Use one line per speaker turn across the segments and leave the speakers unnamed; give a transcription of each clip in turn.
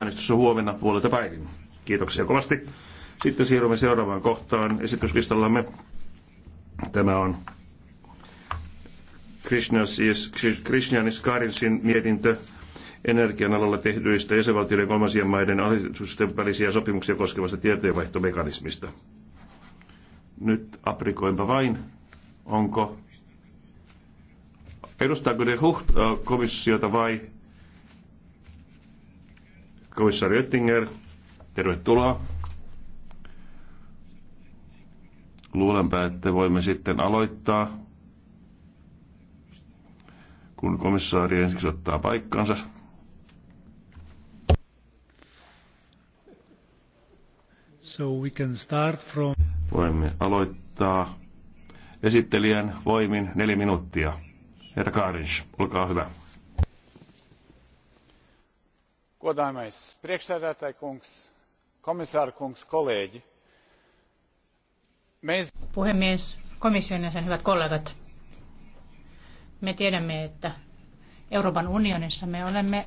äänestys on huomenna puolelta päivin. Kiitoksia kovasti. Sitten siirrymme seuraavaan kohtaan esityslistallamme. Tämä on Krishnanis Karinsin mietintö energian alalla tehdyistä jäsenvaltioiden kolmansien maiden hallitusten välisiä sopimuksia koskevasta tietojenvaihtomekanismista. Nyt aprikoinpa vain, onko, edustaako ne huht, äh, komissiota vai komissaari Oettinger, tervetuloa. Luulenpä, että voimme sitten aloittaa, kun komissaari ensiksi ottaa paikkansa. So we can start from... Voimme aloittaa esittelijän voimin neljä minuuttia. Herra Kaarins, olkaa hyvä godājamais priekšsēdētāj kungs, komisāra kungs, kolēģi.
Mēs... Puhemies, komission jäsen, hyvät kollegat. Me tiedämme, että Euroopan unionissa me olemme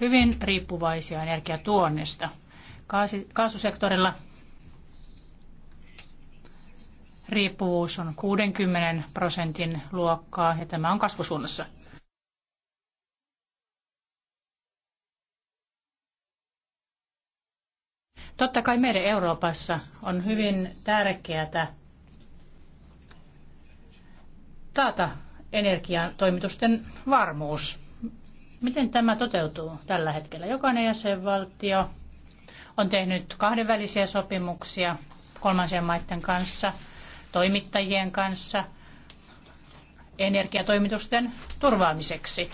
hyvin riippuvaisia energiatuonnista. Kaasusektorilla riippuvuus on 60 prosentin luokkaa ja tämä on kasvusuunnassa. Totta kai meidän Euroopassa on hyvin tärkeää taata energian varmuus. Miten tämä toteutuu tällä hetkellä? Jokainen jäsenvaltio on tehnyt kahdenvälisiä sopimuksia kolmansien maiden kanssa, toimittajien kanssa, energiatoimitusten turvaamiseksi.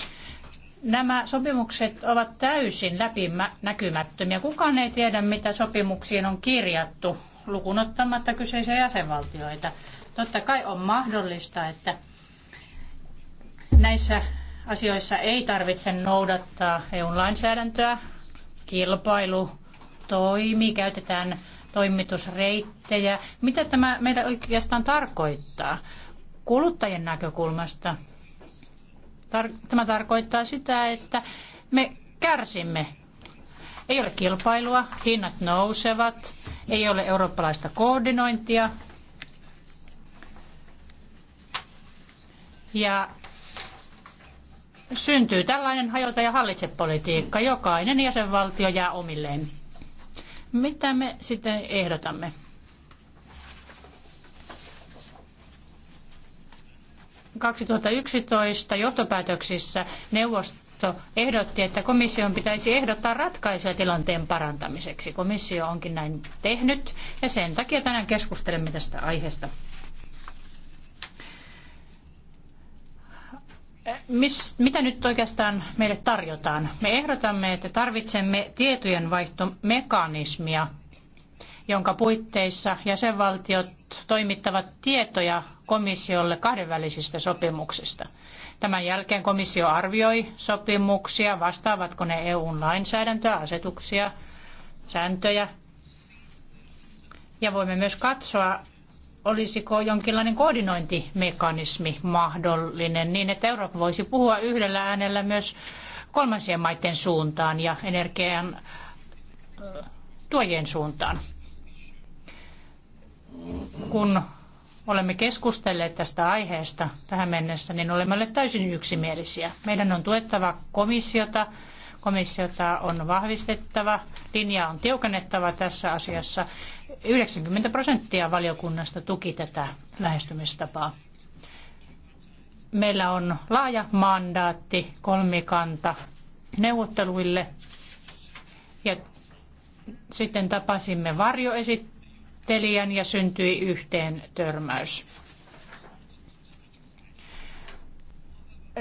Nämä sopimukset ovat täysin läpinäkymättömiä. Kukaan ei tiedä, mitä sopimuksiin on kirjattu, lukunottamatta kyseisiä jäsenvaltioita. Totta kai on mahdollista, että näissä asioissa ei tarvitse noudattaa EU-lainsäädäntöä. Kilpailu toimii, käytetään toimitusreittejä. Mitä tämä meidän oikeastaan tarkoittaa? Kuluttajien näkökulmasta Tämä tarkoittaa sitä, että me kärsimme. Ei ole kilpailua, hinnat nousevat, ei ole eurooppalaista koordinointia. Ja syntyy tällainen hajota ja hallitse politiikka. Jokainen jäsenvaltio jää omilleen. Mitä me sitten ehdotamme? 2011 johtopäätöksissä neuvosto ehdotti, että komission pitäisi ehdottaa ratkaisuja tilanteen parantamiseksi. Komissio onkin näin tehnyt ja sen takia tänään keskustelemme tästä aiheesta. Mis, mitä nyt oikeastaan meille tarjotaan? Me ehdotamme, että tarvitsemme tietojenvaihtomekanismia jonka puitteissa jäsenvaltiot toimittavat tietoja komissiolle kahdenvälisistä sopimuksista. Tämän jälkeen komissio arvioi sopimuksia, vastaavatko ne EUn lainsäädäntöä, asetuksia, sääntöjä. Ja voimme myös katsoa, olisiko jonkinlainen koordinointimekanismi mahdollinen niin, että Eurooppa voisi puhua yhdellä äänellä myös kolmansien maiden suuntaan ja energian tuojien suuntaan kun olemme keskustelleet tästä aiheesta tähän mennessä, niin olemme olleet täysin yksimielisiä. Meidän on tuettava komissiota, komissiota on vahvistettava, linjaa on tiukennettava tässä asiassa. 90 prosenttia valiokunnasta tuki tätä lähestymistapaa. Meillä on laaja mandaatti kolmikanta neuvotteluille ja sitten tapasimme varjoesittelyä esittelijän ja syntyi yhteen törmäys.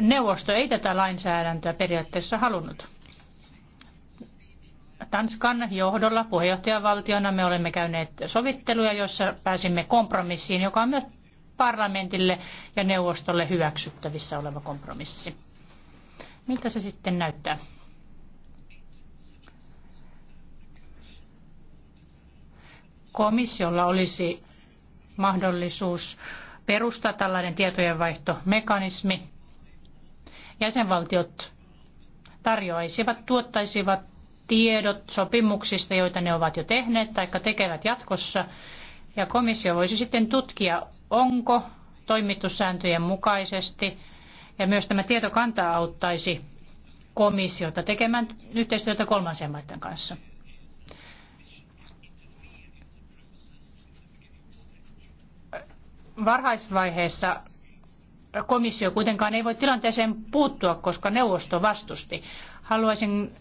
Neuvosto ei tätä lainsäädäntöä periaatteessa halunnut. Tanskan johdolla puheenjohtajavaltiona me olemme käyneet sovitteluja, joissa pääsimme kompromissiin, joka on myös parlamentille ja neuvostolle hyväksyttävissä oleva kompromissi. Miltä se sitten näyttää? komissiolla olisi mahdollisuus perustaa tällainen tietojenvaihtomekanismi. Jäsenvaltiot tarjoaisivat, tuottaisivat tiedot sopimuksista, joita ne ovat jo tehneet tai tekevät jatkossa. Ja komissio voisi sitten tutkia, onko toimittu sääntöjen mukaisesti. Ja myös tämä tietokanta auttaisi komissiota tekemään yhteistyötä kolmansien maiden kanssa. varhaisvaiheessa komissio kuitenkaan ei voi tilanteeseen puuttua, koska neuvosto vastusti. Haluaisin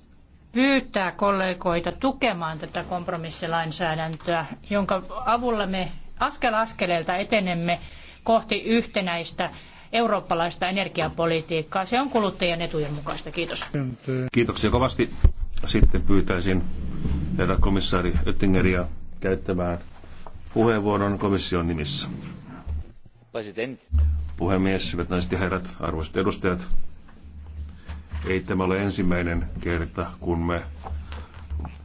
pyytää kollegoita tukemaan tätä kompromissilainsäädäntöä, jonka avulla me askel askeleelta etenemme kohti yhtenäistä eurooppalaista energiapolitiikkaa. Se on kuluttajien etujen mukaista. Kiitos.
Kiitoksia kovasti. Sitten pyytäisin herra komissaari Oettingeria käyttämään puheenvuoron komission nimissä. President. Puhemies, hyvät naiset ja herrat, arvoisat edustajat. Ei tämä ole ensimmäinen kerta, kun me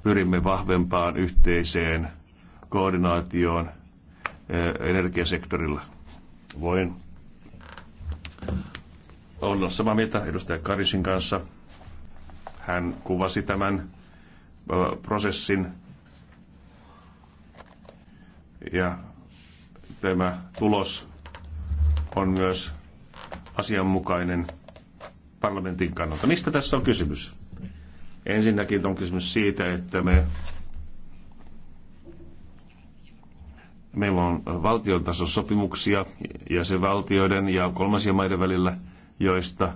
pyrimme vahvempaan yhteiseen koordinaatioon eh, energiasektorilla. Voin olla samaa mieltä edustaja Karisin kanssa. Hän kuvasi tämän prosessin ja tämä tulos on myös asianmukainen parlamentin kannalta. Mistä tässä on kysymys? Ensinnäkin on kysymys siitä, että me, meillä on valtion tason sopimuksia ja se valtioiden ja kolmansien maiden välillä, joista,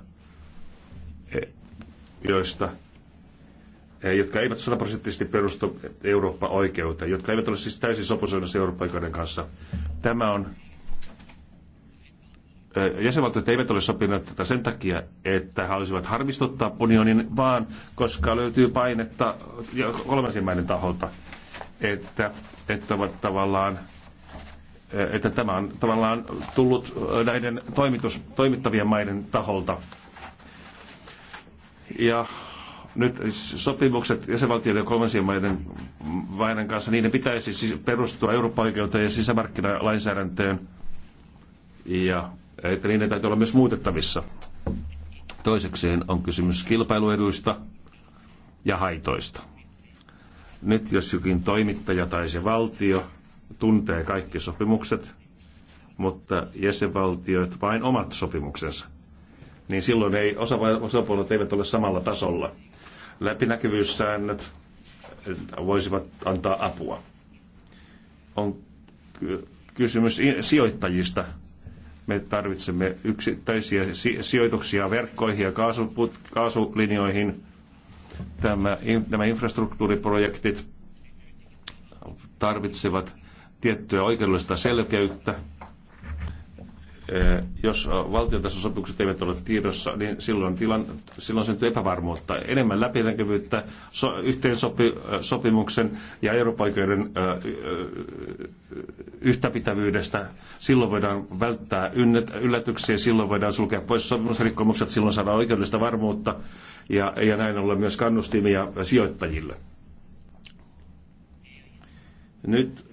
joista jotka eivät sataprosenttisesti perustu Eurooppa-oikeuteen, jotka eivät ole siis täysin sopusoinnassa Eurooppa-oikeuden kanssa. Tämä on jäsenvaltiot eivät ole sopineet tätä sen takia, että haluaisivat harmistuttaa unionin, vaan koska löytyy painetta kolmansien maiden taholta, että, että ovat tavallaan että tämä on tavallaan tullut näiden toimitus, toimittavien maiden taholta. Ja nyt sopimukset jäsenvaltioiden ja kolmansien maiden, maiden kanssa, niiden pitäisi siis perustua Euroopan oikeuteen ja sisämarkkinalainsäädäntöön. Ja että niiden täytyy olla myös muutettavissa. Toisekseen on kysymys kilpailueduista ja haitoista. Nyt jos jokin toimittaja tai se valtio tuntee kaikki sopimukset, mutta jäsenvaltiot vain omat sopimuksensa, niin silloin ei, osa, osapuolet eivät ole samalla tasolla. Läpinäkyvyyssäännöt voisivat antaa apua. On kysymys sijoittajista, me tarvitsemme yksittäisiä sijoituksia verkkoihin ja kaasulinjoihin. Tämä, nämä infrastruktuuriprojektit tarvitsevat tiettyä oikeudellista selkeyttä Eh, jos eh, valtiotasosopimukset eivät ole tiedossa, niin silloin, tilan, silloin syntyy epävarmuutta. Enemmän läpinäkyvyyttä so, yhteen sopi, eh, sopimuksen ja europaikoiden yhtäpitävyydestä. Silloin voidaan välttää yllätyksiä, silloin voidaan sulkea pois sopimusrikkomukset, silloin saadaan oikeudellista varmuutta ja, ja näin ollen myös kannustimia sijoittajille. Nyt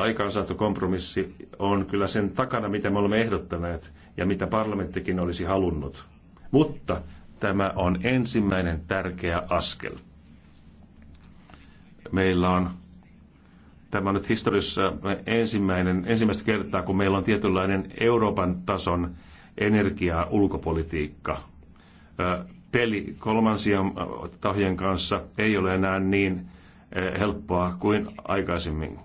aikaansaatu kompromissi on kyllä sen takana, mitä me olemme ehdottaneet ja mitä parlamenttikin olisi halunnut. Mutta tämä on ensimmäinen tärkeä askel. Meillä on tämä on nyt historiassa ensimmäinen, ensimmäistä kertaa, kun meillä on tietynlainen Euroopan tason energia ulkopolitiikka. Peli kolmansien tahojen kanssa ei ole enää niin helppoa kuin aikaisemmin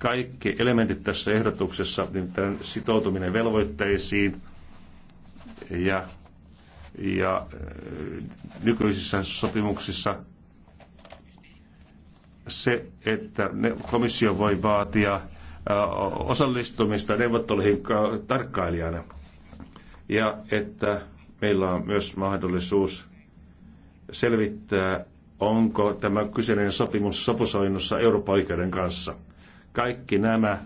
kaikki elementit tässä ehdotuksessa, nimittäin sitoutuminen velvoitteisiin ja, ja äh, nykyisissä sopimuksissa se, että komissio voi vaatia äh, osallistumista neuvotteluihin tarkkailijana ja että meillä on myös mahdollisuus selvittää, onko tämä kyseinen sopimus sopusoinnussa Euroopan oikeuden kanssa. Kaikki nämä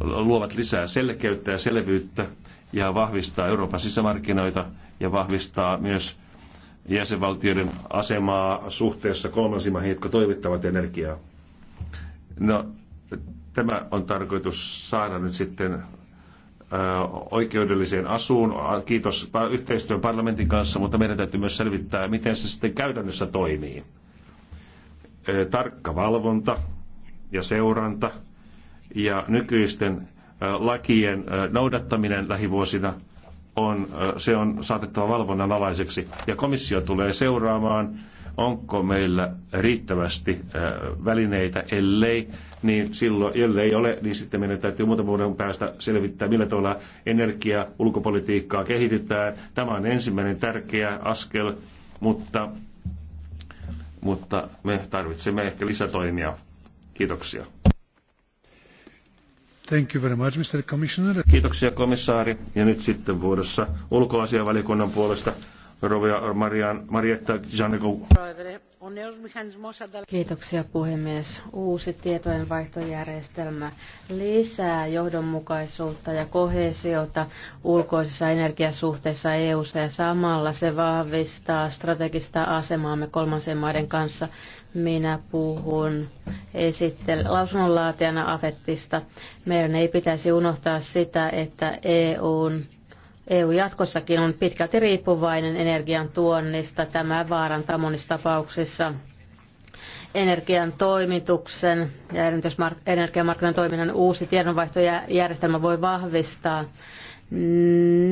luovat lisää selkeyttä ja selvyyttä ja vahvistaa Euroopan sisämarkkinoita ja vahvistaa myös jäsenvaltioiden asemaa suhteessa kolmansiin maihin, jotka toimittavat energiaa. No, tämä on tarkoitus saada nyt sitten oikeudelliseen asuun. Kiitos yhteistyön parlamentin kanssa, mutta meidän täytyy myös selvittää, miten se sitten käytännössä toimii. Tarkka valvonta ja seuranta – ja nykyisten lakien noudattaminen lähivuosina on, se on saatettava valvonnan alaiseksi. Ja komissio tulee seuraamaan, onko meillä riittävästi välineitä, ellei, niin silloin, ellei ole, niin sitten meidän täytyy muutaman vuoden päästä selvittää, millä tavalla energia, ulkopolitiikkaa kehitetään. Tämä on ensimmäinen tärkeä askel, mutta, mutta me tarvitsemme ehkä lisätoimia. Kiitoksia. Thank you very much, Mr. Commissioner. Kiitoksia komissaari. Ja nyt sitten vuorossa ulkoasianvaliokunnan puolesta Rovia Marian, Marietta Janekou.
Kiitoksia puhemies. Uusi tietojenvaihtojärjestelmä lisää johdonmukaisuutta ja kohesiota ulkoisissa energiasuhteissa EU:ssa ja samalla se vahvistaa strategista asemaamme kolmansien maiden kanssa. Minä puhun esittel- lausunnonlaatijana afettista. Meidän ei pitäisi unohtaa sitä, että EUn EU jatkossakin on pitkälti riippuvainen energian tuonnista. Tämä vaarantaa monissa tapauksissa energian toimituksen ja energiamarkkinan toiminnan uusi tiedonvaihtojärjestelmä voi vahvistaa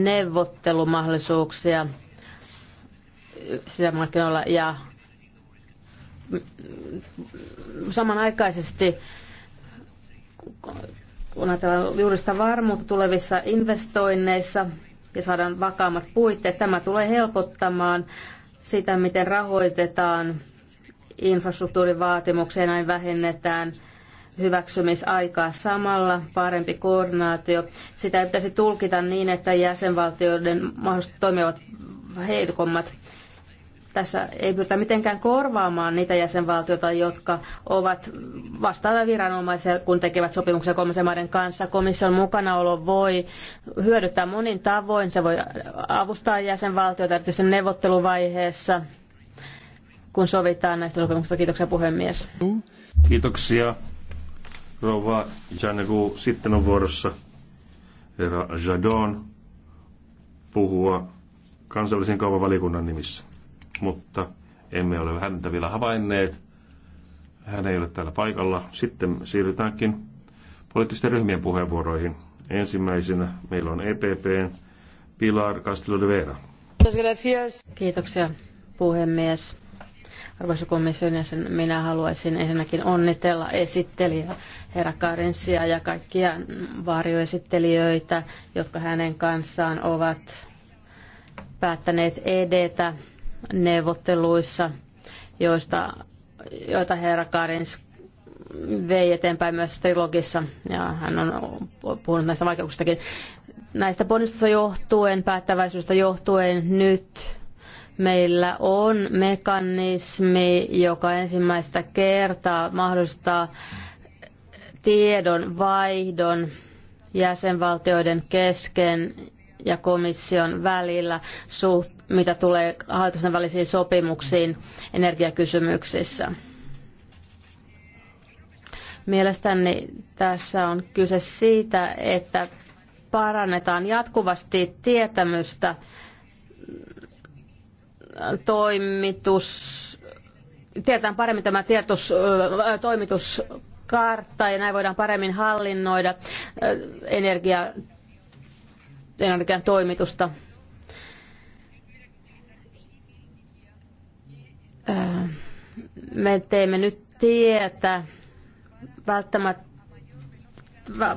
neuvottelumahdollisuuksia sisämarkkinoilla ja samanaikaisesti kun ajatellaan sitä varmuutta tulevissa investoinneissa ja saadaan vakaammat puitteet, tämä tulee helpottamaan sitä, miten rahoitetaan infrastruktuurivaatimuksia, näin vähennetään hyväksymisaikaa samalla, parempi koordinaatio. Sitä ei pitäisi tulkita niin, että jäsenvaltioiden mahdollisesti toimivat heikommat tässä ei pyritä mitenkään korvaamaan niitä jäsenvaltioita, jotka ovat vastaavia viranomaisia, kun tekevät sopimuksia kolmansien maiden kanssa. Komission mukanaolo voi hyödyttää monin tavoin. Se voi avustaa jäsenvaltioita erityisesti neuvotteluvaiheessa, kun sovitaan näistä sopimuksista. Kiitoksia puhemies.
Kiitoksia rouva Janegu. Sitten on vuorossa herra Jadon puhua kansallisen kaupan valiokunnan nimissä mutta emme ole häntä vielä havainneet. Hän ei ole täällä paikalla. Sitten siirrytäänkin poliittisten ryhmien puheenvuoroihin. Ensimmäisenä meillä on EPPn Pilar Castillo de Vera.
Kiitoksia puhemies. Arvoisa komission jäsen, minä haluaisin ensinnäkin onnitella esittelijä herra Karensia ja kaikkia varjoesittelijöitä, jotka hänen kanssaan ovat päättäneet edetä neuvotteluissa, joista, joita herra Karins vei eteenpäin myös trilogissa, ja hän on puhunut näistä vaikeuksistakin. Näistä ponnistusta johtuen, päättäväisyydestä johtuen nyt meillä on mekanismi, joka ensimmäistä kertaa mahdollistaa tiedon vaihdon jäsenvaltioiden kesken ja komission välillä, suht, mitä tulee hallitusten välisiin sopimuksiin energiakysymyksissä. Mielestäni tässä on kyse siitä, että parannetaan jatkuvasti tietämystä toimitus, tiedetään paremmin tämä tietos, toimituskartta ja näin voidaan paremmin hallinnoida energia energian toimitusta. Öö, me teemme nyt tietä, välttämättä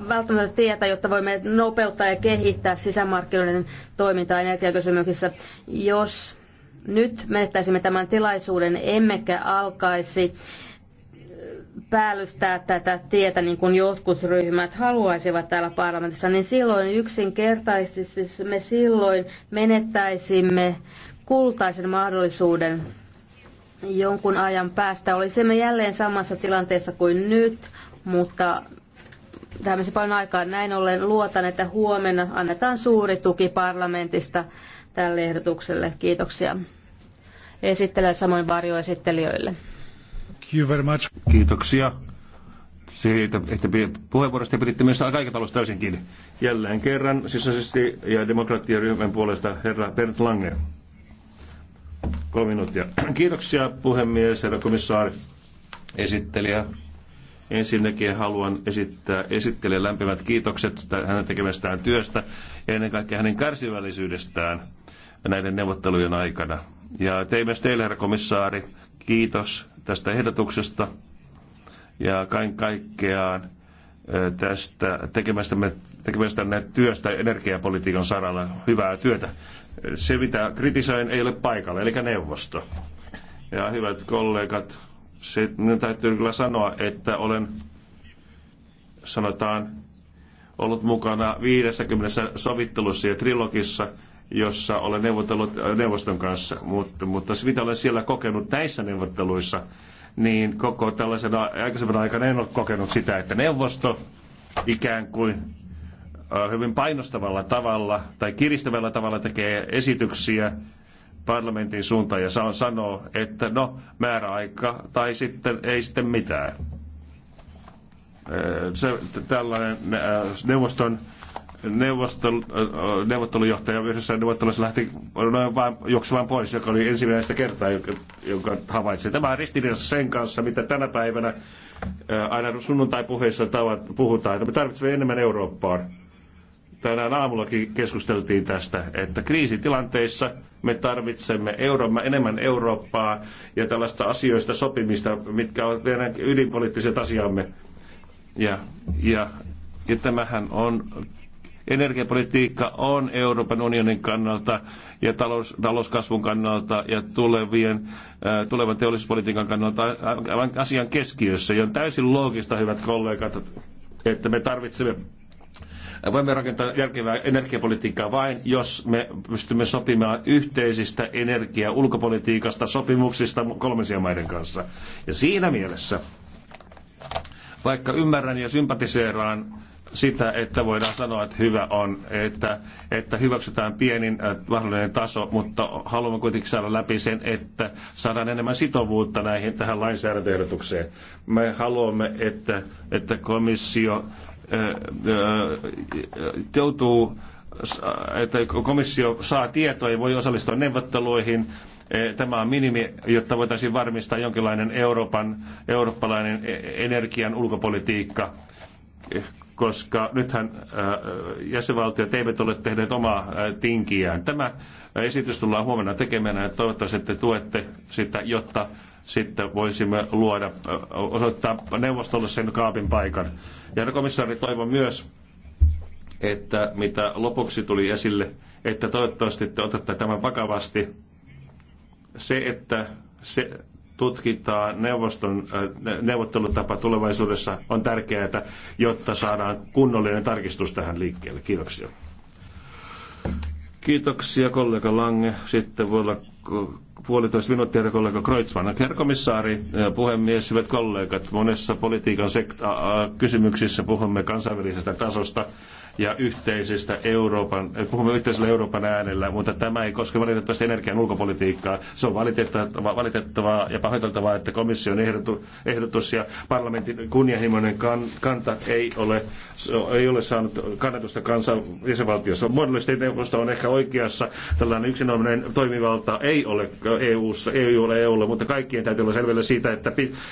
välttämättä tietä, jotta voimme nopeuttaa ja kehittää sisämarkkinoiden toimintaa energiakysymyksissä. Jos nyt menettäisimme tämän tilaisuuden, emmekä alkaisi päällystää tätä tietä, niin kuin jotkut ryhmät haluaisivat täällä parlamentissa, niin silloin yksinkertaisesti me silloin menettäisimme kultaisen mahdollisuuden jonkun ajan päästä. Olisimme jälleen samassa tilanteessa kuin nyt, mutta tämmöisen paljon aikaa. Näin ollen luotan, että huomenna annetaan suuri tuki parlamentista tälle ehdotukselle. Kiitoksia esittelijä samoin varjoesittelijöille
you very much. Kiitoksia siitä, että puheenvuorosta piditte myös aikataulusta täysin kiinni. Jälleen kerran sisäisesti ja demokratiaryhmän puolesta herra Bernd Lange. Kolme minuuttia. Kiitoksia puhemies, herra komissaari, esittelijä. Ensinnäkin haluan esittää esittelijä lämpimät kiitokset hänen tekemästään työstä ja ennen kaikkea hänen kärsivällisyydestään näiden neuvottelujen aikana. Ja tein myös teille, herra komissaari, Kiitos tästä ehdotuksesta ja kaiken kaikkeaan tästä tekemästämme, tekemästämme työstä energiapolitiikan saralla hyvää työtä. Se, mitä kritisoin, ei ole paikalla, eli neuvosto. Ja hyvät kollegat, se, minun täytyy kyllä sanoa, että olen, sanotaan, ollut mukana 50 sovittelussa ja trilogissa – jossa olen neuvotellut äh, neuvoston kanssa, mutta, mutta se mitä olen siellä kokenut näissä neuvotteluissa, niin koko tällaisen aikaisemman aikana en ole kokenut sitä, että neuvosto ikään kuin äh, hyvin painostavalla tavalla tai kiristävällä tavalla tekee esityksiä parlamentin suuntaan ja saan sanoa, että no määräaika tai sitten ei sitten mitään. Äh, se, tällainen neuvoston neuvostelu, äh, neuvottelujohtaja yhdessä neuvottelussa lähti vain juoksemaan pois, joka oli ensimmäistä kertaa, jonka, jonka havaitsin. Tämä on ristiriidassa sen kanssa, mitä tänä päivänä äh, aina sunnuntai-puheissa puhutaan, että me tarvitsemme enemmän Eurooppaan. Tänään aamullakin keskusteltiin tästä, että kriisitilanteissa me tarvitsemme Euroopan, enemmän Eurooppaa ja tällaista asioista sopimista, mitkä ovat meidän ydinpoliittiset asiamme. Ja, ja, ja tämähän on Energiapolitiikka on Euroopan unionin kannalta ja talous, talouskasvun kannalta ja tulevien, äh, tulevan teollisuuspolitiikan kannalta aivan asian keskiössä. Ja on täysin loogista, hyvät kollegat, että me tarvitsemme Voimme rakentaa järkevää energiapolitiikkaa vain, jos me pystymme sopimaan yhteisistä energia- ulkopolitiikasta sopimuksista kolmansien maiden kanssa. Ja siinä mielessä, vaikka ymmärrän ja sympatiseeraan sitä, että voidaan sanoa, että hyvä on, että, että hyväksytään pienin äh, mahdollinen taso, mutta haluamme kuitenkin saada läpi sen, että saadaan enemmän sitovuutta näihin tähän lainsäädäntöehdotukseen. Me haluamme, että, että komissio äh, äh, joutuu, että komissio saa tietoa ja voi osallistua neuvotteluihin. Tämä on minimi, jotta voitaisiin varmistaa jonkinlainen Euroopan, eurooppalainen e-, energian ulkopolitiikka koska nythän äh, jäsenvaltiot eivät ole tehneet omaa äh, tinkiään. Tämä äh, esitys tullaan huomenna tekemään ja toivottavasti että tuette sitä, jotta sitten voisimme luoda, osoittaa neuvostolle sen kaapin paikan. Ja no, komissaari toivon myös, että mitä lopuksi tuli esille, että toivottavasti te otatte tämän vakavasti. Se, että se, tutkitaan neuvoston äh, neuvottelutapa tulevaisuudessa on tärkeää, jotta saadaan kunnollinen tarkistus tähän liikkeelle. Kiitoksia. Kiitoksia kollega Lange. Sitten voi olla puolitoista minuuttia, herra kollega Kreutzmann. Herra komissaari, eh, puhemies, hyvät kollegat, monessa politiikan sekta- kysymyksissä puhumme kansainvälisestä tasosta ja yhteisestä Euroopan, eh, puhumme yhteisellä Euroopan äänellä, mutta tämä ei koske valitettavasti energian ulkopolitiikkaa. Se on valitettavaa, valitettavaa ja pahoiteltavaa, että komission ehdotu, ehdotus ja parlamentin kunnianhimoinen kan, kanta ei ole, ei ole saanut kannatusta kansan jäsenvaltiossa. Muodollisesti neuvosto on ehkä oikeassa, tällainen yksinomainen toimivalta ei ei ole EU-ssa, ole EUlla, mutta kaikkien täytyy olla selvillä siitä, että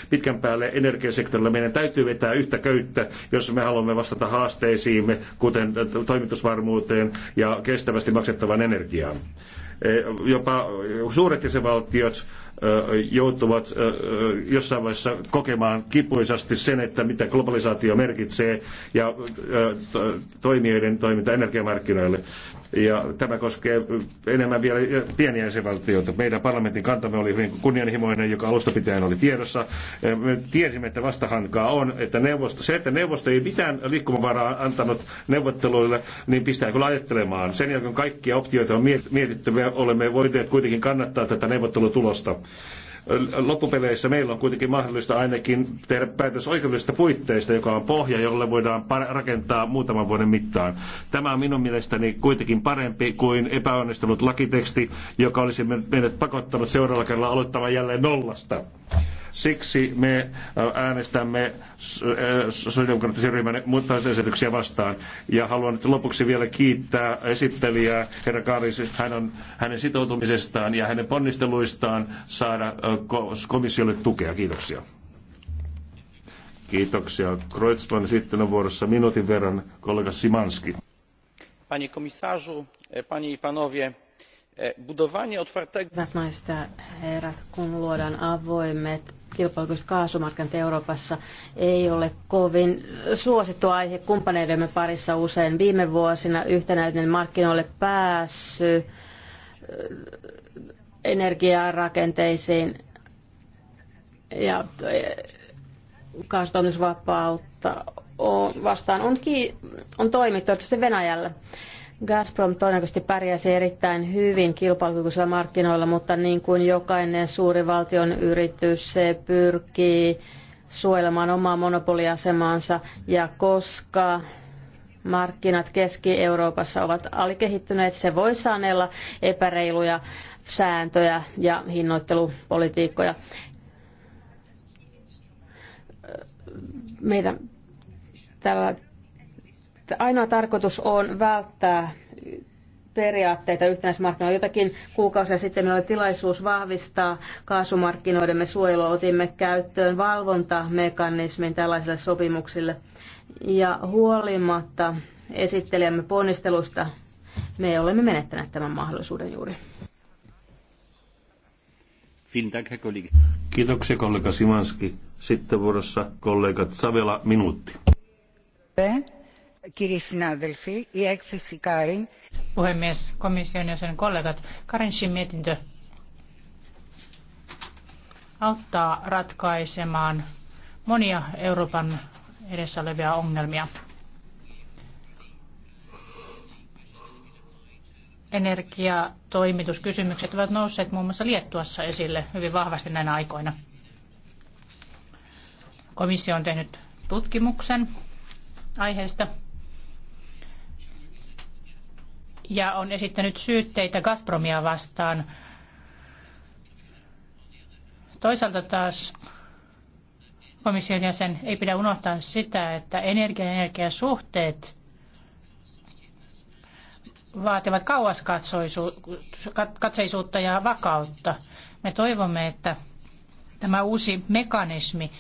pitkän päälle energiasektorilla meidän täytyy vetää yhtä köyttä, jos me haluamme vastata haasteisiimme, kuten toimitusvarmuuteen ja kestävästi maksettavaan energiaan. E, jopa suuret jäsenvaltiot joutuvat jossain vaiheessa kokemaan kipuisasti sen, että mitä globalisaatio merkitsee ja toimijoiden toiminta energiamarkkinoille. Ja tämä koskee enemmän vielä pieniä jäsenvaltioita. Meidän parlamentin kantamme oli hyvin kunnianhimoinen, joka alusta pitäen oli tiedossa. Me tiesimme, että vastahankaa on, että neuvosto, se, että neuvosto ei mitään liikkumavaraa antanut neuvotteluille, niin pistää kyllä ajattelemaan. Sen jälkeen kaikkia optioita on mietitty, me olemme voineet kuitenkin kannattaa tätä neuvottelutulosta loppupeleissä meillä on kuitenkin mahdollista ainakin tehdä päätös oikeudellisista puitteista, joka on pohja, jolle voidaan rakentaa muutaman vuoden mittaan. Tämä on minun mielestäni kuitenkin parempi kuin epäonnistunut lakiteksti, joka olisi meidät pakottanut seuraavalla kerralla aloittamaan jälleen nollasta. Siksi me äh, äänestämme äh, sosiaalidemokraattisen ryhmän muuttamisesityksiä vastaan. Ja haluan nyt lopuksi vielä kiittää esittelijää, herra Kaaris, hän on, hänen sitoutumisestaan ja hänen ponnisteluistaan saada äh, komissiolle tukea. Kiitoksia. Kiitoksia. Kreutzmann sitten on vuorossa minuutin verran kollega Simanski.
Panie komisarzu, e, panie i panowie, E, budowanie otwartego...
Hyvät herrat, kun luodaan avoimet kilpailukykyiset kaasumarkkinat Euroopassa, ei ole kovin suosittu aihe kumppaneidemme parissa usein. Viime vuosina yhtenäinen markkinoille pääsy energiarakenteisiin ja kaasutoimitusvapautta vastaan on, ki- on toimittu Venäjällä. Gazprom todennäköisesti pärjäisi erittäin hyvin kilpailukykyisillä markkinoilla, mutta niin kuin jokainen suuri valtion yritys, se pyrkii suojelemaan omaa monopoliasemaansa ja koska markkinat Keski-Euroopassa ovat alikehittyneet, se voi sanella epäreiluja sääntöjä ja hinnoittelupolitiikkoja. Meidän tällä Ainoa tarkoitus on välttää periaatteita yhtenäismarkkinoilla. Jotakin kuukausia sitten oli tilaisuus vahvistaa kaasumarkkinoidemme suojelua. Otimme käyttöön valvontamekanismin tällaisille sopimuksille. Ja huolimatta esittelijämme ponnistelusta me olemme menettäneet tämän mahdollisuuden juuri.
Kiitoksia kollega Simanski. Sitten vuorossa kollegat Savela minuutti.
Be? Puhemies, komission ja kollegat, Karensin mietintö auttaa ratkaisemaan monia Euroopan edessä olevia ongelmia. Energiatoimituskysymykset ovat nousseet muun muassa Liettuassa esille hyvin vahvasti näinä aikoina. Komissio on tehnyt tutkimuksen aiheesta – ja on esittänyt syytteitä Gazpromia vastaan. Toisaalta taas komission jäsen ei pidä unohtaa sitä, että energia- ja energiasuhteet vaativat kauaskatseisuutta ja vakautta. Me toivomme, että tämä uusi mekanismi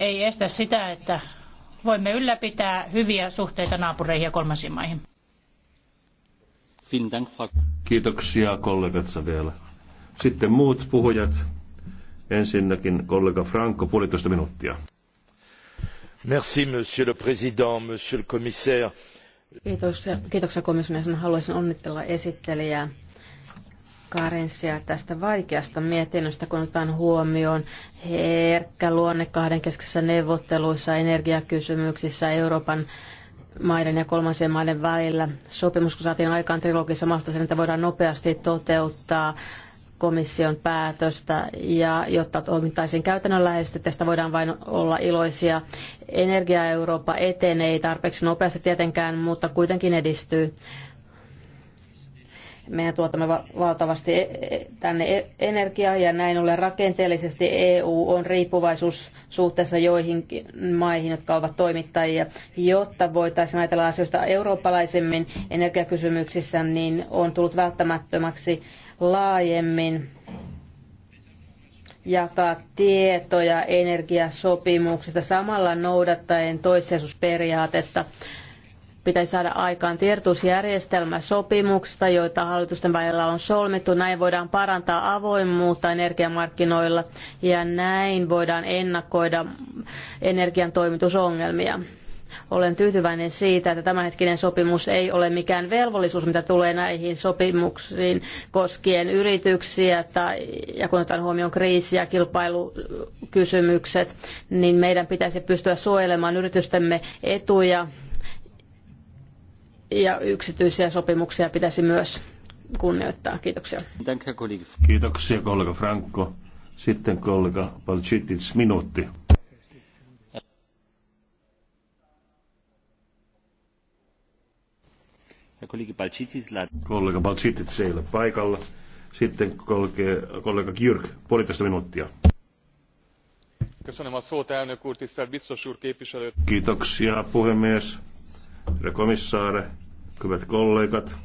ei estä sitä, että voimme ylläpitää hyviä suhteita naapureihin ja kolmansiin maihin.
Kiitoksia kollegatsa vielä. Sitten muut puhujat. Ensinnäkin kollega Franco, puolitoista minuuttia.
Merci, monsieur le président, monsieur le commissaire. Kiitoksia, kiitoksia komissio. Haluaisin onnitella esittelijää Karensia tästä vaikeasta mietinnöstä, kun otetaan huomioon herkkä luonne kahdenkeskisissä neuvotteluissa, energiakysymyksissä, Euroopan maiden ja kolmansien maiden välillä. Sopimus, kun saatiin aikaan trilogissa, mahtaa sen, että voidaan nopeasti toteuttaa komission päätöstä ja jotta toimittaisiin käytännönläheisesti, tästä voidaan vain olla iloisia. Energia Eurooppa etenee ei tarpeeksi nopeasti tietenkään, mutta kuitenkin edistyy. Mehän tuotamme valtavasti e- e- tänne e- energiaa ja näin ollen rakenteellisesti EU on riippuvaisuus suhteessa joihinkin maihin, jotka ovat toimittajia. Jotta voitaisiin ajatella asioista eurooppalaisemmin energiakysymyksissä, niin on tullut välttämättömäksi laajemmin jakaa tietoja energiasopimuksista samalla noudattaen toissijaisuusperiaatetta pitäisi saada aikaan tiedotusjärjestelmä sopimuksista, joita hallitusten välillä on solmittu. Näin voidaan parantaa avoimuutta energiamarkkinoilla ja näin voidaan ennakoida energian toimitusongelmia. Olen tyytyväinen siitä, että tämänhetkinen sopimus ei ole mikään velvollisuus, mitä tulee näihin sopimuksiin koskien yrityksiä tai, ja kun otetaan huomioon kriisi- ja kilpailukysymykset, niin meidän pitäisi pystyä suojelemaan yritystemme etuja ja yksityisiä sopimuksia pitäisi myös kunnioittaa. Kiitoksia.
Kiitoksia kollega Franco. Sitten kollega Palcitic, minuutti. Kollega Balcitic ei ole paikalla. Sitten kollega, kollega puolitoista minuuttia. Kiitoksia, puhemies, komissaari, hyvät kollegat.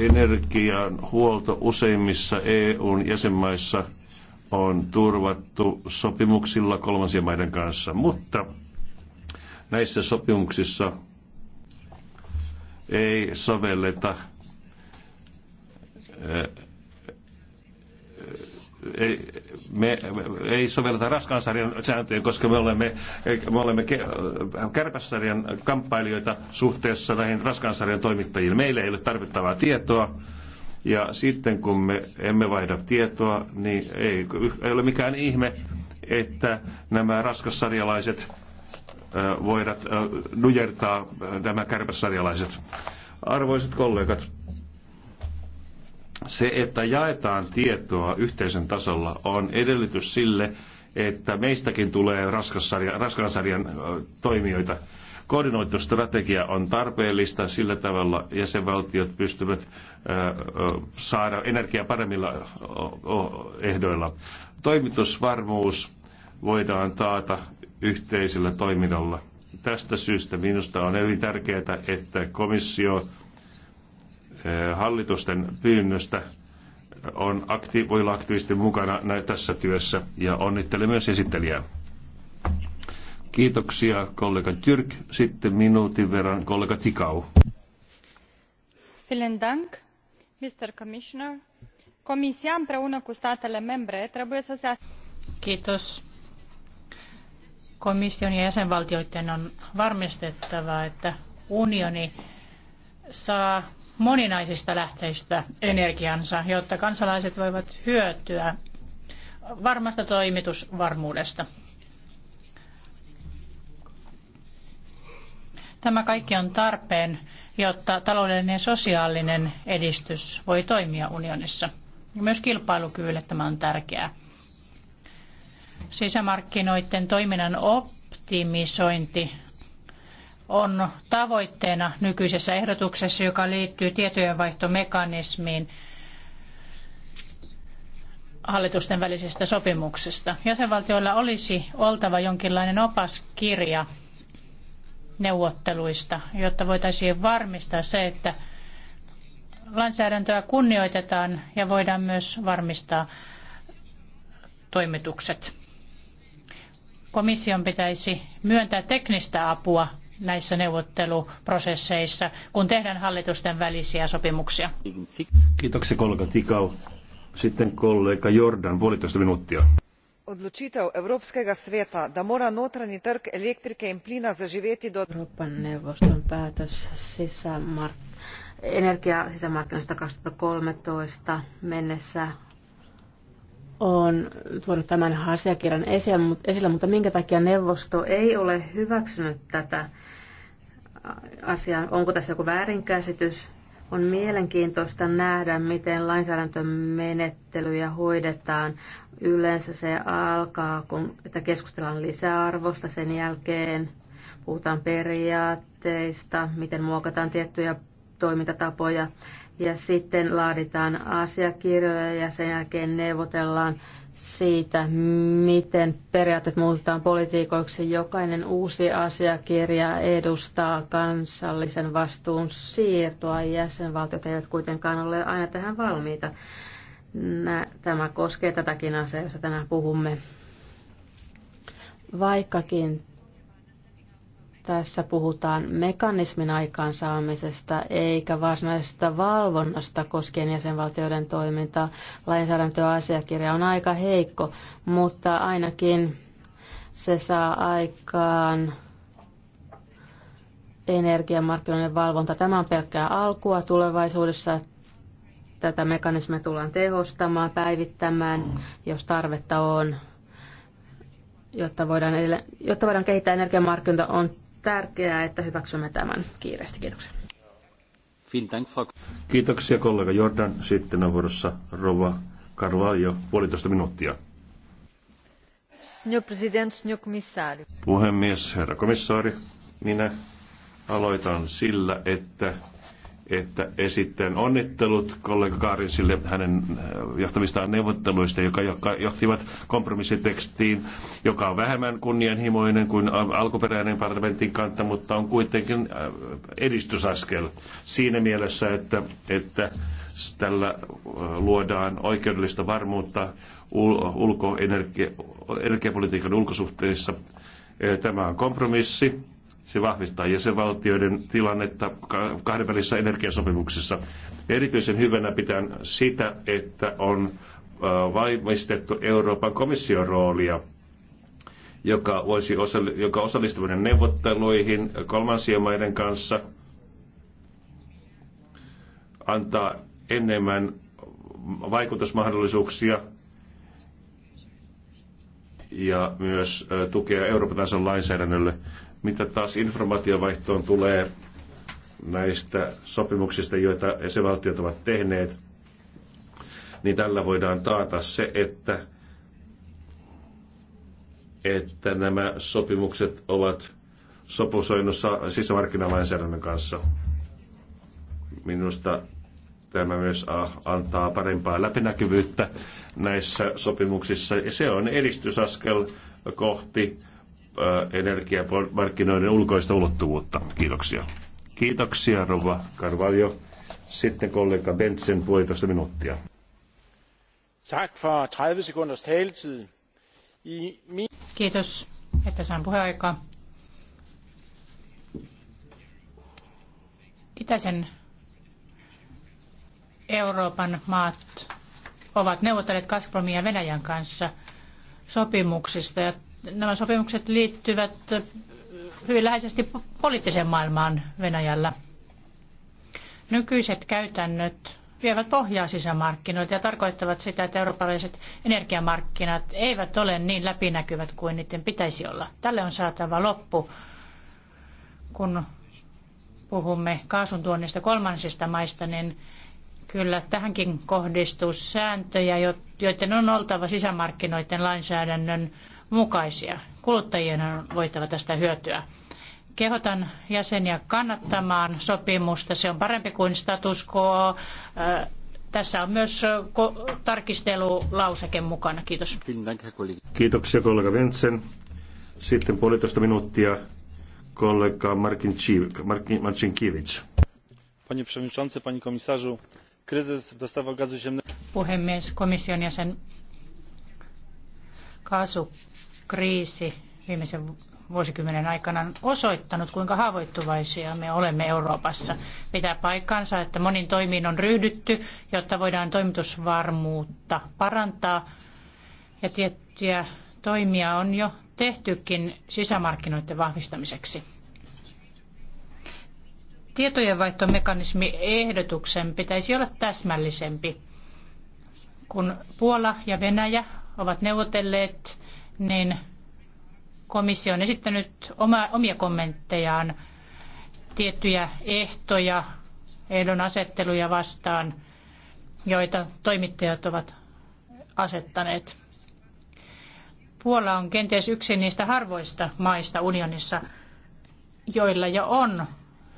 Energian huolto useimmissa EUn jäsenmaissa on turvattu sopimuksilla kolmansien maiden kanssa, mutta näissä sopimuksissa ei sovelleta eh, ei, me, ei sovelleta raskansarjan sarjan sääntöjä, koska me olemme, me olemme kärpässarjan kamppailijoita suhteessa näihin raskansarjan sarjan toimittajiin. Meillä ei ole tarvittavaa tietoa. Ja sitten kun me emme vaihda tietoa, niin ei, ei ole mikään ihme, että nämä raskassarjalaiset voivat nujertaa nämä kärpäsarjalaiset. Arvoisat kollegat, se, että jaetaan tietoa yhteisön tasolla, on edellytys sille, että meistäkin tulee raskaan sarjan toimijoita. Koordinoitu strategia on tarpeellista sillä tavalla, jäsenvaltiot pystyvät saada energiaa paremmilla ehdoilla. Toimitusvarmuus voidaan taata yhteisellä toiminnalla. Tästä syystä minusta on hyvin tärkeää, että komissio hallitusten pyynnöstä on akti- voi olla aktiivisesti mukana tässä työssä ja onnittelen myös esittelijää. Kiitoksia kollega Tyrk. Sitten minuutin verran kollega Tikau.
Vielen dank, Mr. Commissioner. Comisia împreună cu statele membre trebuie să se Kiitos. Komission ja jäsenvaltioiden on varmistettava, että unioni saa moninaisista lähteistä energiansa, jotta kansalaiset voivat hyötyä varmasta toimitusvarmuudesta. Tämä kaikki on tarpeen, jotta taloudellinen ja sosiaalinen edistys voi toimia unionissa. Myös kilpailukyvylle tämä on tärkeää. Sisämarkkinoiden toiminnan optimisointi on tavoitteena nykyisessä ehdotuksessa, joka liittyy tietojenvaihtomekanismiin hallitusten välisestä sopimuksesta. Jäsenvaltioilla olisi oltava jonkinlainen opaskirja neuvotteluista, jotta voitaisiin varmistaa se, että lainsäädäntöä kunnioitetaan ja voidaan myös varmistaa toimitukset. Komission pitäisi myöntää teknistä apua näissä neuvotteluprosesseissa, kun tehdään hallitusten välisiä sopimuksia.
Kiitoksia kollega Tikau. Sitten kollega Jordan, puolitoista minuuttia.
Odločitev Evropskega sveta, da mora notranji trg elektrike in plina zaživeti do... Euroopan
neuvoston päätös sisämark... energia sisämarkkinoista 2013 mennessä on tuonut tämän asiakirjan esille, mutta minkä takia neuvosto ei ole hyväksynyt tätä Asia Onko tässä joku väärinkäsitys? On mielenkiintoista nähdä, miten lainsäädäntömenettelyjä hoidetaan. Yleensä se alkaa, kun, että keskustellaan lisäarvosta sen jälkeen. Puhutaan periaatteista, miten muokataan tiettyjä toimintatapoja ja sitten laaditaan asiakirjoja ja sen jälkeen neuvotellaan siitä, miten periaatteet muutetaan politiikoiksi. Jokainen uusi asiakirja edustaa kansallisen vastuun siirtoa. Jäsenvaltiot eivät kuitenkaan ole aina tähän valmiita. Tämä koskee tätäkin asiaa, josta tänään puhumme. Vaikkakin tässä puhutaan mekanismin aikaansaamisesta eikä varsinaisesta valvonnasta koskien jäsenvaltioiden toimintaa. Lainsäädäntöasiakirja on aika heikko, mutta ainakin se saa aikaan energiamarkkinoiden valvonta. Tämä on pelkkää alkua tulevaisuudessa. Tätä mekanismia tullaan tehostamaan, päivittämään, jos tarvetta on jotta voidaan, jotta voidaan kehittää energiamarkkinoita, on tärkeää, että hyväksymme tämän kiireesti. Kiitoksia.
Kiitoksia kollega Jordan. Sitten on vuorossa Rova Carvalho, puolitoista minuuttia. Puhemies, herra komissaari, minä aloitan sillä, että että esitän onnittelut kollega Kaarinsille hänen äh, johtamistaan neuvotteluista, joka, johtivat kompromissitekstiin, joka on vähemmän kunnianhimoinen kuin alkuperäinen parlamentin kanta, mutta on kuitenkin äh, edistysaskel siinä mielessä, että, että tällä äh, luodaan oikeudellista varmuutta ulkoenergiapolitiikan ulkosuhteissa. Tämä on kompromissi se vahvistaa jäsenvaltioiden tilannetta kahdenvälisissä energiasopimuksissa. Erityisen hyvänä pitää sitä, että on vaimistettu Euroopan komission roolia joka, voisi osalli, joka osallistuminen neuvotteluihin kolmansien maiden kanssa antaa enemmän vaikutusmahdollisuuksia ja myös tukea Euroopan tason lainsäädännölle. Mitä taas informaatiovaihtoon tulee näistä sopimuksista, joita esivaltiot ovat tehneet, niin tällä voidaan taata se, että, että nämä sopimukset ovat sopusoinnussa sisämarkkinalainsäädännön kanssa. Minusta tämä myös antaa parempaa läpinäkyvyyttä näissä sopimuksissa. se on edistysaskel kohti Äh, energiamarkkinoiden ulkoista ulottuvuutta. Kiitoksia. Kiitoksia, Rova Carvalho. Sitten kollega Bentsen puolitoista minuuttia. Tack för 30 sekunders taletid.
Kiitos, että saan puheaikaa. Itäisen Euroopan maat ovat neuvotelleet Gazpromin ja Venäjän kanssa sopimuksista ja Nämä sopimukset liittyvät hyvin läheisesti poliittiseen maailmaan Venäjällä. Nykyiset käytännöt vievät pohjaa sisämarkkinoilta ja tarkoittavat sitä, että eurooppalaiset energiamarkkinat eivät ole niin läpinäkyvät kuin niiden pitäisi olla. Tälle on saatava loppu, kun puhumme kaasun tuonnista kolmansista maista, niin kyllä tähänkin kohdistuu sääntöjä, joiden on oltava sisämarkkinoiden lainsäädännön mukaisia. Kuluttajien on voitava tästä hyötyä. Kehotan jäseniä kannattamaan sopimusta. Se on parempi kuin status quo. Tässä on myös tarkistelulauseke mukana. Kiitos.
Kiitoksia kollega Ventsen. Sitten puolitoista minuuttia kollega Markin, Markin, Marcin Panie przewodniczący, panie komisarzu, kryzys w dostawach gazu ziemnego.
Puhemies, komission jäsen. Kaasu kriisi viimeisen vuosikymmenen aikana on osoittanut, kuinka haavoittuvaisia me olemme Euroopassa. Pitää paikkansa, että monin toimiin on ryhdytty, jotta voidaan toimitusvarmuutta parantaa. Ja tiettyjä toimia on jo tehtykin sisämarkkinoiden vahvistamiseksi. Tietojenvaihtomekanismiehdotuksen ehdotuksen pitäisi olla täsmällisempi. Kun Puola ja Venäjä ovat neuvotelleet niin komissio on esittänyt oma, omia kommenttejaan tiettyjä ehtoja, ehdon asetteluja vastaan, joita toimittajat ovat asettaneet. Puola on kenties yksi niistä harvoista maista unionissa, joilla jo on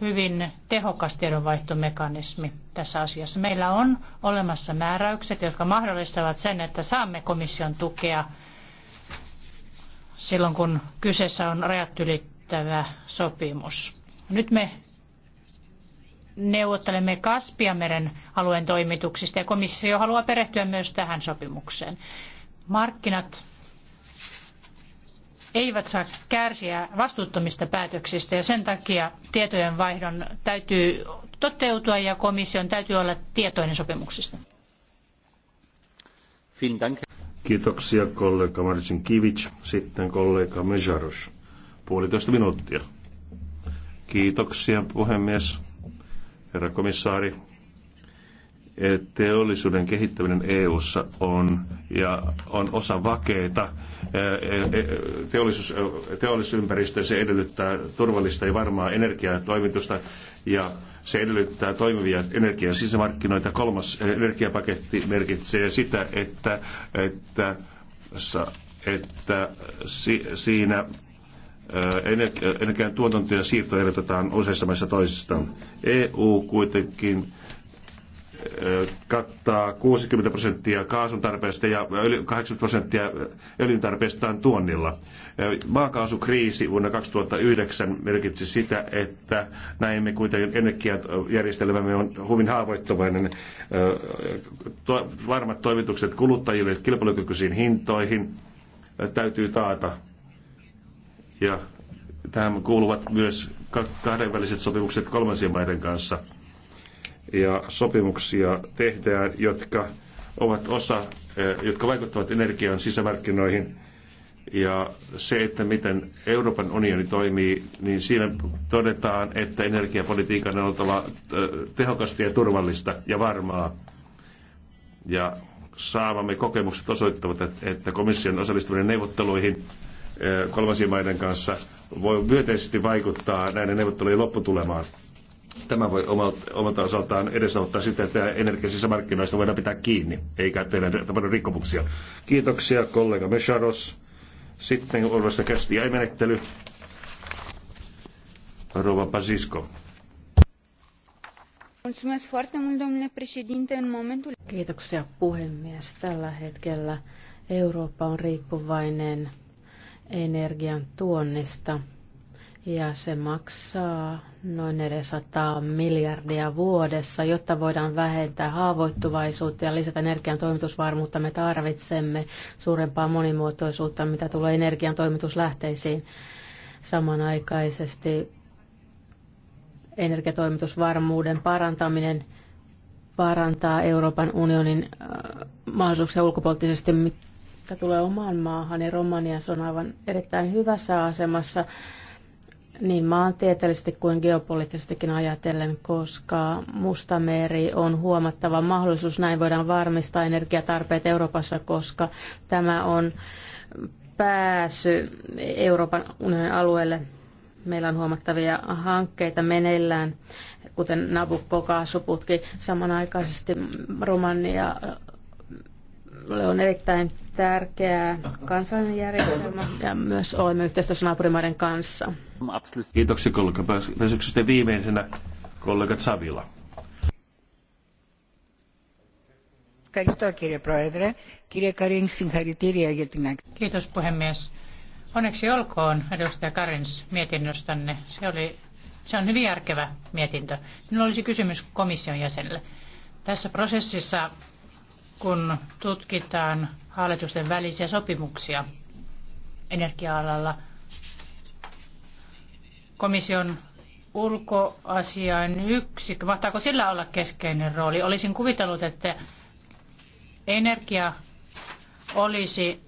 hyvin tehokas tiedonvaihtomekanismi tässä asiassa. Meillä on olemassa määräykset, jotka mahdollistavat sen, että saamme komission tukea silloin, kun kyseessä on rajat ylittävä sopimus. Nyt me neuvottelemme kaspiameren alueen toimituksista ja komissio haluaa perehtyä myös tähän sopimukseen. Markkinat eivät saa kärsiä vastuuttomista päätöksistä ja sen takia tietojen vaihdon täytyy toteutua ja komission täytyy olla tietoinen sopimuksista.
Kiitoksia kollega Marcin Kivic, sitten kollega Mejaros. Puolitoista minuuttia. Kiitoksia puhemies, herra komissaari, teollisuuden kehittäminen EU:ssa on ja on osa vakeita e, e, e, teollisuus, teollisuusympäristöä. Se edellyttää turvallista ja varmaa energiaa toimitusta ja se edellyttää toimivia energian sisämarkkinoita. Kolmas energiapaketti merkitsee sitä, että, että, että si, siinä energian tuotanto ja siirto erotetaan useissa maissa toisistaan. EU kuitenkin kattaa 60 prosenttia kaasun tarpeesta ja 80 prosenttia öljyn tarpeestaan tuonnilla. Maakaasukriisi vuonna 2009 merkitsi sitä, että näimme kuitenkin energiajärjestelmämme on hyvin haavoittuvainen. Varmat toimitukset kuluttajille kilpailukykyisiin hintoihin täytyy taata. Ja tähän kuuluvat myös kahdenväliset sopimukset kolmansien maiden kanssa – ja sopimuksia tehdään, jotka ovat osa, eh, jotka vaikuttavat energian sisämarkkinoihin. Ja se, että miten Euroopan unioni toimii, niin siinä todetaan, että energiapolitiikan on oltava eh, tehokasta ja turvallista ja varmaa. Ja saavamme kokemukset osoittavat, että komission osallistuminen neuvotteluihin eh, kolmansien maiden kanssa voi myönteisesti vaikuttaa näiden neuvottelujen lopputulemaan. Tämä voi omalta osaltaan edesauttaa sitä, että energiasisä markkinoista voidaan pitää kiinni, eikä tehdä tapahdu rikkomuksia. Kiitoksia kollega Mesharos. Sitten olevasta kästi jäi menettely. Rova Pasisko.
Kiitoksia puhemies. Tällä hetkellä Eurooppa on riippuvainen energian tuonnista ja se maksaa noin 400 miljardia vuodessa. Jotta voidaan vähentää haavoittuvaisuutta ja lisätä energian toimitusvarmuutta, me tarvitsemme suurempaa monimuotoisuutta, mitä tulee energian toimituslähteisiin. Samanaikaisesti energiatoimitusvarmuuden parantaminen parantaa Euroopan unionin äh, mahdollisuuksia ulkopoliittisesti, mitä tulee omaan maahan, Ja Romania on aivan erittäin hyvässä asemassa niin maantieteellisesti kuin geopoliittisestikin ajatellen, koska Mustameri on huomattava mahdollisuus. Näin voidaan varmistaa energiatarpeet Euroopassa, koska tämä on pääsy Euroopan unionin alueelle. Meillä on huomattavia hankkeita meneillään, kuten Nabucco-kaasuputki. Samanaikaisesti Romania on erittäin tärkeää kansallinen järjestelmä ja myös olemme yhteistyössä naapurimaiden kanssa.
Kiitoksia kollega Pääsikö Sitten viimeisenä kollega Savila.
Kiitos puhemies. Onneksi olkoon edustaja Karins mietinnöstänne. Se, oli, se on hyvin järkevä mietintö. Minulla olisi kysymys komission jäsenelle. Tässä prosessissa kun tutkitaan hallitusten välisiä sopimuksia energia-alalla. Komission ulkoasian yksikkö, mahtaako sillä olla keskeinen rooli? Olisin kuvitellut, että energia olisi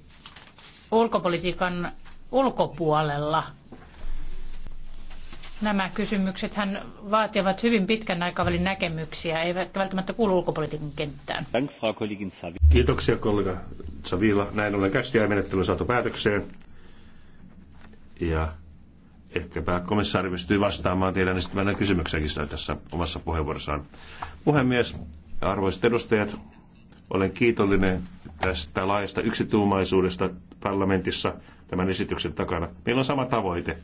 ulkopolitiikan ulkopuolella Nämä kysymykset hän vaativat hyvin pitkän aikavälin näkemyksiä, eivätkä välttämättä kuulu ulkopolitiikan kenttään.
Kiitoksia kollega Savila. Näin ollen käsityömenettely saatu päätökseen. Ja ehkäpä komissaari pystyy vastaamaan teidän esittämänne kysymykseenkin tässä omassa puheenvuorossaan. Puhemies, arvoisat edustajat, olen kiitollinen tästä laajasta yksituumaisuudesta parlamentissa tämän esityksen takana. Meillä on sama tavoite.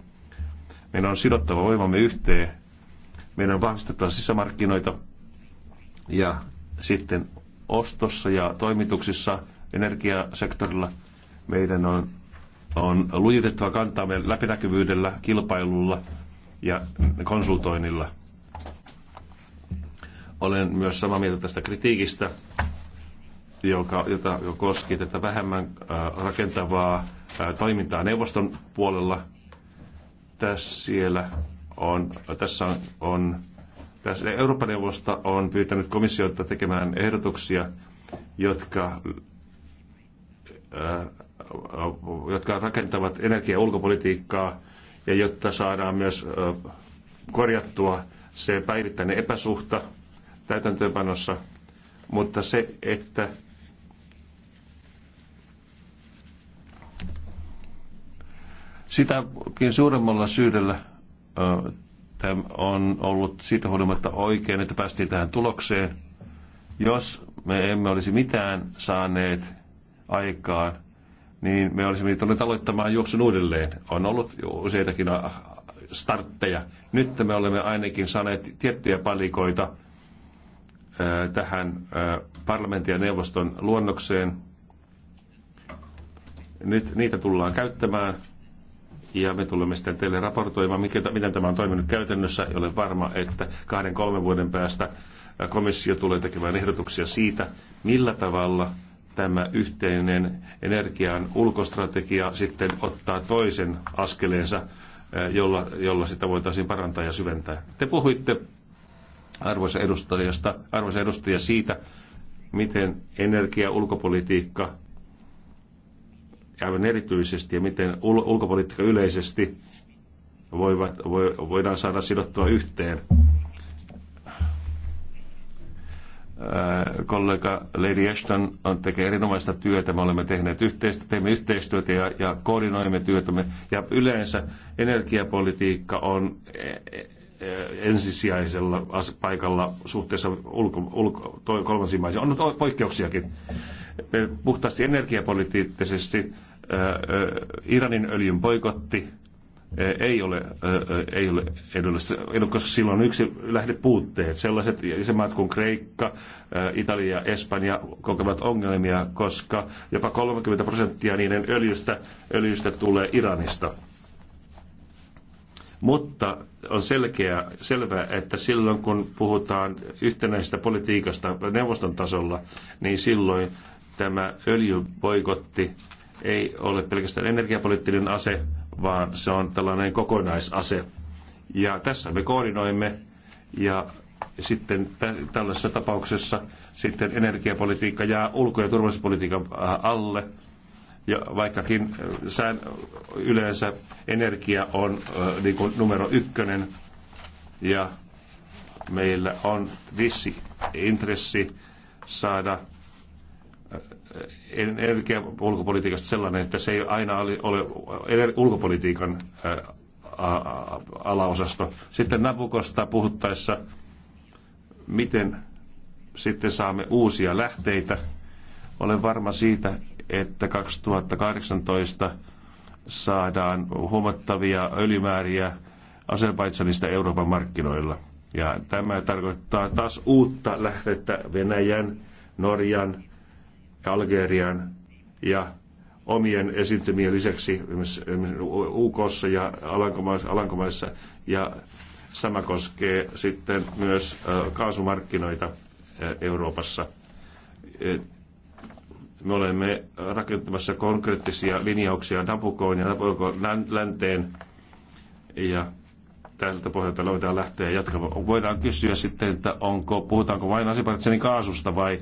Meidän on sidottava voimamme yhteen. Meidän on vahvistettava sisämarkkinoita ja sitten ostossa ja toimituksissa energiasektorilla meidän on, on lujitettava meidän läpinäkyvyydellä, kilpailulla ja konsultoinnilla. Olen myös samaa mieltä tästä kritiikistä, joka, jota jo koski tätä vähemmän rakentavaa toimintaa neuvoston puolella – tässä siellä on, tässä on, on tässä Euroopan neuvosto on pyytänyt komissiota tekemään ehdotuksia, jotka, äh, jotka rakentavat energia- ja ulkopolitiikkaa, ja jotta saadaan myös äh, korjattua se päivittäinen epäsuhta täytäntöönpanossa, mutta se, että Sitäkin suuremmalla syydellä tämä on ollut siitä huolimatta oikein, että päästiin tähän tulokseen. Jos me emme olisi mitään saaneet aikaan, niin me olisimme tulleet aloittamaan juoksun uudelleen. On ollut useitakin äh, startteja. Nyt me olemme ainakin saaneet tiettyjä palikoita tähän parlamentin ja neuvoston luonnokseen. Nyt niitä tullaan käyttämään ja me tulemme sitten teille raportoimaan, miten tämä on toiminut käytännössä. Olen varma, että kahden kolmen vuoden päästä komissio tulee tekemään ehdotuksia siitä, millä tavalla tämä yhteinen energian ulkostrategia sitten ottaa toisen askeleensa, eh, jolla, jolla sitä voitaisiin parantaa ja syventää. Te puhuitte arvoisa, edustajasta, arvoisa edustaja siitä, miten energia- ulkopolitiikka aivan erityisesti ja miten ul- ulkopolitiikka yleisesti voivat, voi, voidaan saada sidottua yhteen. kollega Lady Ashton on tekee erinomaista työtä. Me olemme tehneet yhteistyötä, teemme yhteistyötä ja, ja koordinoimme työtämme. Ja yleensä energiapolitiikka on e, e, e, ensisijaisella paikalla suhteessa ulko, ulko, kolmansimaisiin. On poikkeuksiakin. Me puhtaasti energiapolitiittisesti Iranin öljyn poikotti ei ole, ei ole edullista, koska silloin on yksi lähde puutteet. Sellaiset jäsenmaat kuin Kreikka, Italia ja Espanja kokevat ongelmia, koska jopa 30 prosenttia niiden öljystä, öljystä tulee Iranista. Mutta on selkeä, selvää, että silloin kun puhutaan yhtenäisestä politiikasta neuvoston tasolla, niin silloin tämä öljypoikotti ei ole pelkästään energiapoliittinen ase, vaan se on tällainen kokonaisase. Ja tässä me koordinoimme ja sitten tällaisessa tapauksessa sitten energiapolitiikka jää ulko- ja turvallisuuspolitiikan äh, alle. Ja vaikkakin äh, sään, yleensä energia on äh, niin kuin numero ykkönen ja meillä on vissi intressi saada energiaulkopolitiikasta sellainen, että se ei aina ole ulkopolitiikan alaosasto. Sitten Nabukosta puhuttaessa, miten sitten saamme uusia lähteitä. Olen varma siitä, että 2018 saadaan huomattavia öljymääriä Azerbaidsanista Euroopan markkinoilla. Ja tämä tarkoittaa taas uutta lähdettä Venäjän, Norjan, Algerian ja omien esiintymien lisäksi UKssa ja Alankomaissa, ja sama koskee sitten myös kaasumarkkinoita Euroopassa. E, me olemme rakentamassa konkreettisia linjauksia Nabukoon ja Nabukoon länteen ja tältä pohjalta voidaan lähteä jatkamaan. Voidaan kysyä sitten, että onko, puhutaanko vain Asiparitsenin kaasusta vai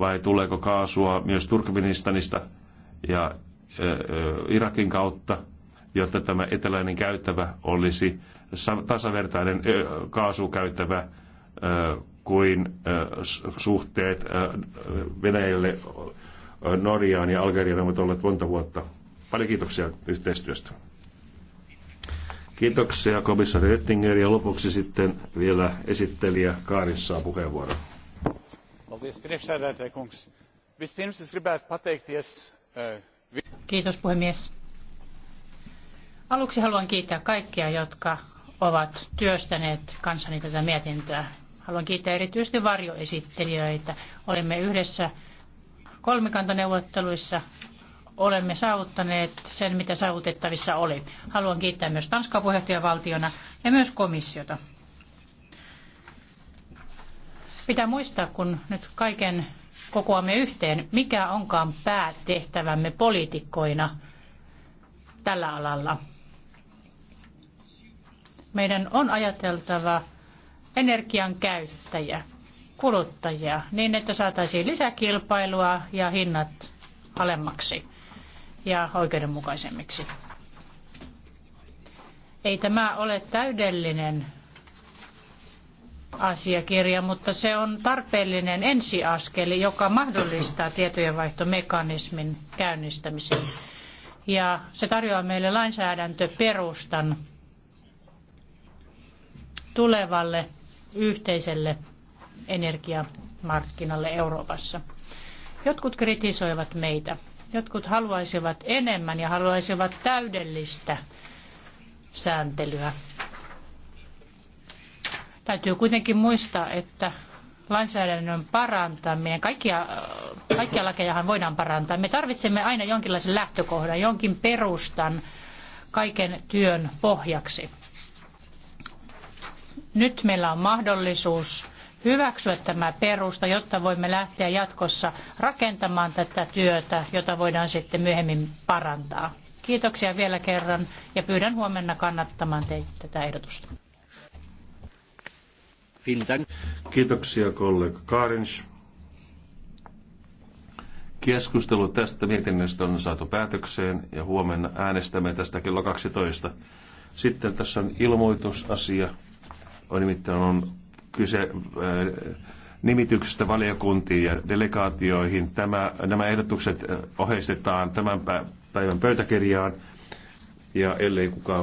vai tuleeko kaasua myös Turkmenistanista ja Irakin kautta, jotta tämä eteläinen käyttävä olisi tasavertainen kaasukäyttävä kuin suhteet Venäjälle, Norjaan ja Algeriaan ovat olleet monta vuotta. Paljon kiitoksia yhteistyöstä. Kiitoksia komissari Oettinger ja lopuksi sitten vielä esittelijä Kaarissa puheenvuoro.
Paldies, Vispirms es gribētu pateikties. Eh, Kiitos puhemies. Aluksi haluan kiittää kaikkia, jotka ovat työstäneet kanssani tätä mietintöä. Haluan kiittää erityisesti varjoesittelijöitä. Olemme yhdessä kolmikantaneuvotteluissa olemme saavuttaneet sen, mitä saavutettavissa oli. Haluan kiittää myös Tanskaa puheenjohtajavaltiona ja myös komissiota. Pitää muistaa, kun nyt kaiken kokoamme yhteen, mikä onkaan päätehtävämme poliitikkoina tällä alalla. Meidän on ajateltava energian käyttäjä, kuluttajia, niin että saataisiin lisäkilpailua ja hinnat alemmaksi ja oikeudenmukaisemmiksi. Ei tämä ole täydellinen asiakirja, mutta se on tarpeellinen ensiaskeli, joka mahdollistaa tietojenvaihtomekanismin käynnistämisen. Ja se tarjoaa meille lainsäädäntöperustan tulevalle yhteiselle energiamarkkinalle Euroopassa. Jotkut kritisoivat meitä. Jotkut haluaisivat enemmän ja haluaisivat täydellistä sääntelyä. Täytyy kuitenkin muistaa, että lainsäädännön parantaminen, kaikkia, kaikkia lakejahan voidaan parantaa. Me tarvitsemme aina jonkinlaisen lähtökohdan, jonkin perustan kaiken työn pohjaksi. Nyt meillä on mahdollisuus hyväksyä tämä perusta, jotta voimme lähteä jatkossa rakentamaan tätä työtä, jota voidaan sitten myöhemmin parantaa. Kiitoksia vielä kerran ja pyydän huomenna kannattamaan teitä tätä ehdotusta.
Kiitoksia kollega Karins. Keskustelu tästä mietinnöstä on saatu päätökseen ja huomenna äänestämme tästä kello 12. Sitten tässä on ilmoitusasia. On nimittäin on kyse äh, nimityksestä valiokuntiin ja delegaatioihin. Tämä, nämä ehdotukset äh, ohjeistetaan tämän päivän pöytäkirjaan ja ellei kukaan